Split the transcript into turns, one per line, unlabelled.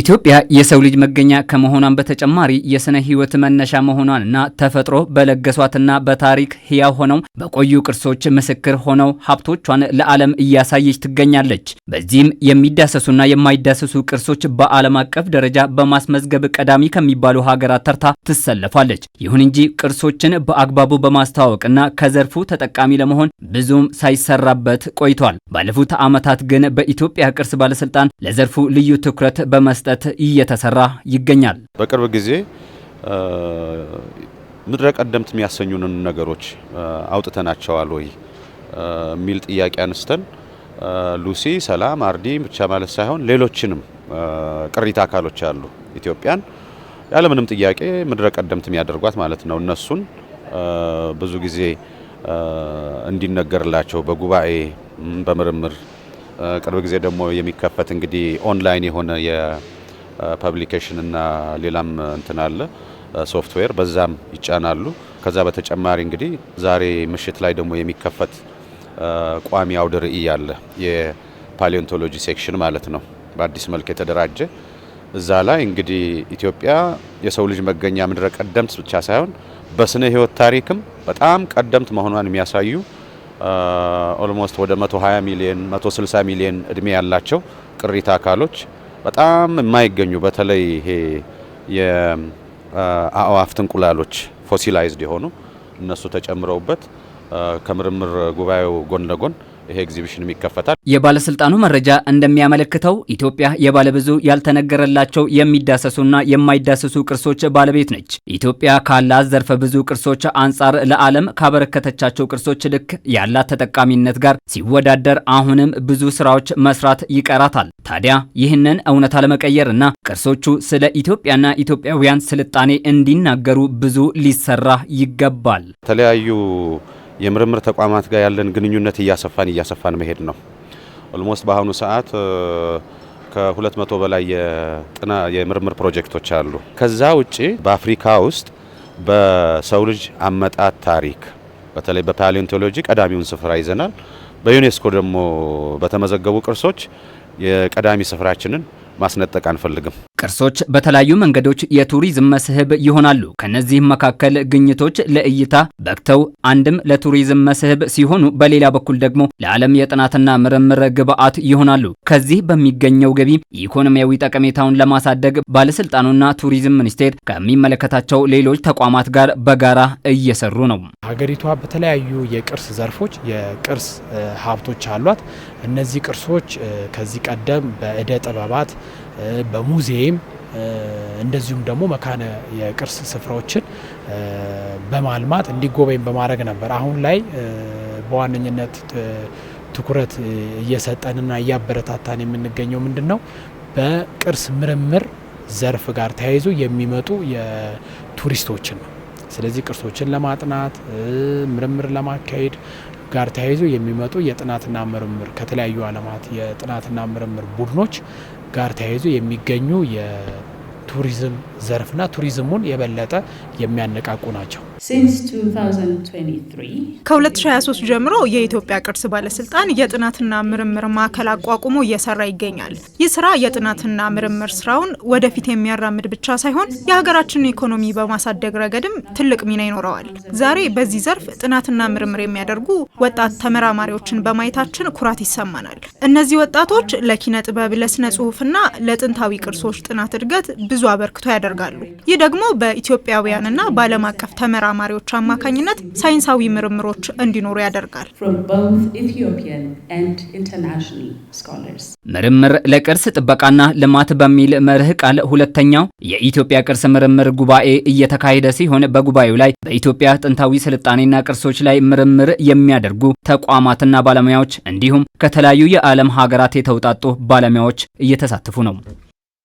ኢትዮጵያ የሰው ልጅ መገኛ ከመሆኗን በተጨማሪ የስነ ህይወት መነሻ መሆኗንና ተፈጥሮ በለገሷትና በታሪክ ሕያው ሆነው በቆዩ ቅርሶች ምስክር ሆነው ሀብቶቿን ለዓለም እያሳየች ትገኛለች። በዚህም የሚዳሰሱና የማይዳሰሱ ቅርሶች በዓለም አቀፍ ደረጃ በማስመዝገብ ቀዳሚ ከሚባሉ ሀገራት ተርታ ትሰለፋለች። ይሁን እንጂ ቅርሶችን በአግባቡ በማስተዋወቅና ከዘርፉ ተጠቃሚ ለመሆን ብዙም ሳይሰራበት ቆይቷል። ባለፉት ዓመታት ግን በኢትዮጵያ ቅርስ ባለስልጣን ለዘርፉ ልዩ ትኩረት በመ ለመስጠት እየተሰራ ይገኛል። በቅርብ ጊዜ
ምድረ ቀደምት የሚያሰኙንን ነገሮች አውጥተናቸዋል ወይ የሚል ጥያቄ አንስተን ሉሲ፣ ሰላም፣ አርዲ ብቻ ማለት ሳይሆን ሌሎችንም ቅሪተ አካሎች አሉ ኢትዮጵያን ያለምንም ጥያቄ ምድረ ቀደምት የሚያደርጓት ማለት ነው። እነሱን ብዙ ጊዜ እንዲነገርላቸው በጉባኤ በምርምር ቅርብ ጊዜ ደግሞ የሚከፈት እንግዲህ ኦንላይን የሆነ የፐብሊኬሽን እና ሌላም እንትን አለ ሶፍትዌር በዛም ይጫናሉ። ከዛ በተጨማሪ እንግዲህ ዛሬ ምሽት ላይ ደግሞ የሚከፈት ቋሚ አውደ ርዕይ አለ የፓሊዮንቶሎጂ ሴክሽን ማለት ነው፣ በአዲስ መልክ የተደራጀ እዛ ላይ እንግዲህ ኢትዮጵያ የሰው ልጅ መገኛ ምድረ ቀደምት ብቻ ሳይሆን በስነ ህይወት ታሪክም በጣም ቀደምት መሆኗን የሚያሳዩ ኦልሞስት ወደ 120 ሚሊዮን 160 ሚሊዮን እድሜ ያላቸው ቅሪተ አካሎች በጣም የማይገኙ በተለይ ይሄ የአእዋፍት እንቁላሎች ፎሲላይዝድ የሆኑ እነሱ ተጨምረውበት ከምርምር ጉባኤው ጎን ለጎን ይሄ ኤግዚቢሽንም ይከፈታል።
የባለስልጣኑ መረጃ እንደሚያመለክተው ኢትዮጵያ የባለብዙ ያልተነገረላቸው የሚዳሰሱና የማይዳሰሱ ቅርሶች ባለቤት ነች። ኢትዮጵያ ካላት ዘርፈ ብዙ ቅርሶች አንጻር ለዓለም ካበረከተቻቸው ቅርሶች ልክ ያላት ተጠቃሚነት ጋር ሲወዳደር አሁንም ብዙ ስራዎች መስራት ይቀራታል። ታዲያ ይህንን እውነታ ለመቀየር እና ቅርሶቹ ስለ ኢትዮጵያና ኢትዮጵያውያን ስልጣኔ እንዲናገሩ ብዙ ሊሰራ ይገባል። የተለያዩ
የምርምር ተቋማት ጋር ያለን ግንኙነት እያሰፋን እያሰፋን መሄድ ነው። ኦልሞስት በአሁኑ ሰዓት ከሁለት መቶ በላይ የጥና የምርምር ፕሮጀክቶች አሉ። ከዛ ውጪ በአፍሪካ ውስጥ በሰው ልጅ አመጣት ታሪክ በተለይ በፓሊዮንቶሎጂ ቀዳሚውን ስፍራ ይዘናል። በዩኔስኮ ደግሞ በተመዘገቡ ቅርሶች የቀዳሚ ስፍራችንን ማስነጠቅ አንፈልግም። ቅርሶች
በተለያዩ መንገዶች የቱሪዝም መስህብ ይሆናሉ። ከነዚህም መካከል ግኝቶች ለእይታ በቅተው አንድም ለቱሪዝም መስህብ ሲሆኑ፣ በሌላ በኩል ደግሞ ለዓለም የጥናትና ምርምር ግብዓት ይሆናሉ። ከዚህ በሚገኘው ገቢ ኢኮኖሚያዊ ጠቀሜታውን ለማሳደግ ባለስልጣኑና ቱሪዝም ሚኒስቴር ከሚመለከታቸው ሌሎች ተቋማት ጋር በጋራ እየሰሩ
ነው። ሀገሪቷ በተለያዩ የቅርስ ዘርፎች የቅርስ ሀብቶች አሏት። እነዚህ ቅርሶች ከዚህ ቀደም በእደ ጥበባት በሙዚየም እንደዚሁም ደግሞ መካነ የቅርስ ስፍራዎችን በማልማት እንዲጎበኝ በማድረግ ነበር። አሁን ላይ በዋነኝነት ትኩረት እየሰጠንና እያበረታታን የምንገኘው ምንድን ነው? በቅርስ ምርምር ዘርፍ ጋር ተያይዞ የሚመጡ የቱሪስቶችን ነው። ስለዚህ ቅርሶችን ለማጥናት ምርምር ለማካሄድ ጋር ተያይዞ የሚመጡ የጥናትና ምርምር ከተለያዩ ዓለማት የጥናትና ምርምር ቡድኖች ጋር ተያይዞ የሚገኙ የቱሪዝም ዘርፍና ቱሪዝሙን የበለጠ የሚያነቃቁ ናቸው።
ከ2023 ጀምሮ የኢትዮጵያ ቅርስ ባለስልጣን የጥናትና ምርምር ማዕከል አቋቁሞ እየሰራ ይገኛል። ይህ ስራ የጥናትና ምርምር ስራውን ወደፊት የሚያራምድ ብቻ ሳይሆን የሀገራችንን ኢኮኖሚ በማሳደግ ረገድም ትልቅ ሚና ይኖረዋል። ዛሬ በዚህ ዘርፍ ጥናትና ምርምር የሚያደርጉ ወጣት ተመራማሪዎችን በማየታችን ኩራት ይሰማናል። እነዚህ ወጣቶች ለኪነ ጥበብ፣ ለስነ ጽሁፍና ለጥንታዊ ቅርሶች ጥናት እድገት ብዙ አበርክቶ ያደርጋሉ። ይህ ደግሞ በኢትዮጵያውያንና በዓለም አቀፍ ተመራ ተመራማሪዎች አማካኝነት ሳይንሳዊ ምርምሮች እንዲኖሩ ያደርጋል።
ምርምር ለቅርስ ጥበቃና ልማት በሚል መርህ ቃል ሁለተኛው የኢትዮጵያ ቅርስ ምርምር ጉባኤ እየተካሄደ ሲሆን በጉባኤው ላይ በኢትዮጵያ ጥንታዊ ስልጣኔና ቅርሶች ላይ ምርምር የሚያደርጉ ተቋማትና ባለሙያዎች እንዲሁም ከተለያዩ የዓለም ሀገራት የተውጣጡ ባለሙያዎች እየተሳተፉ ነው።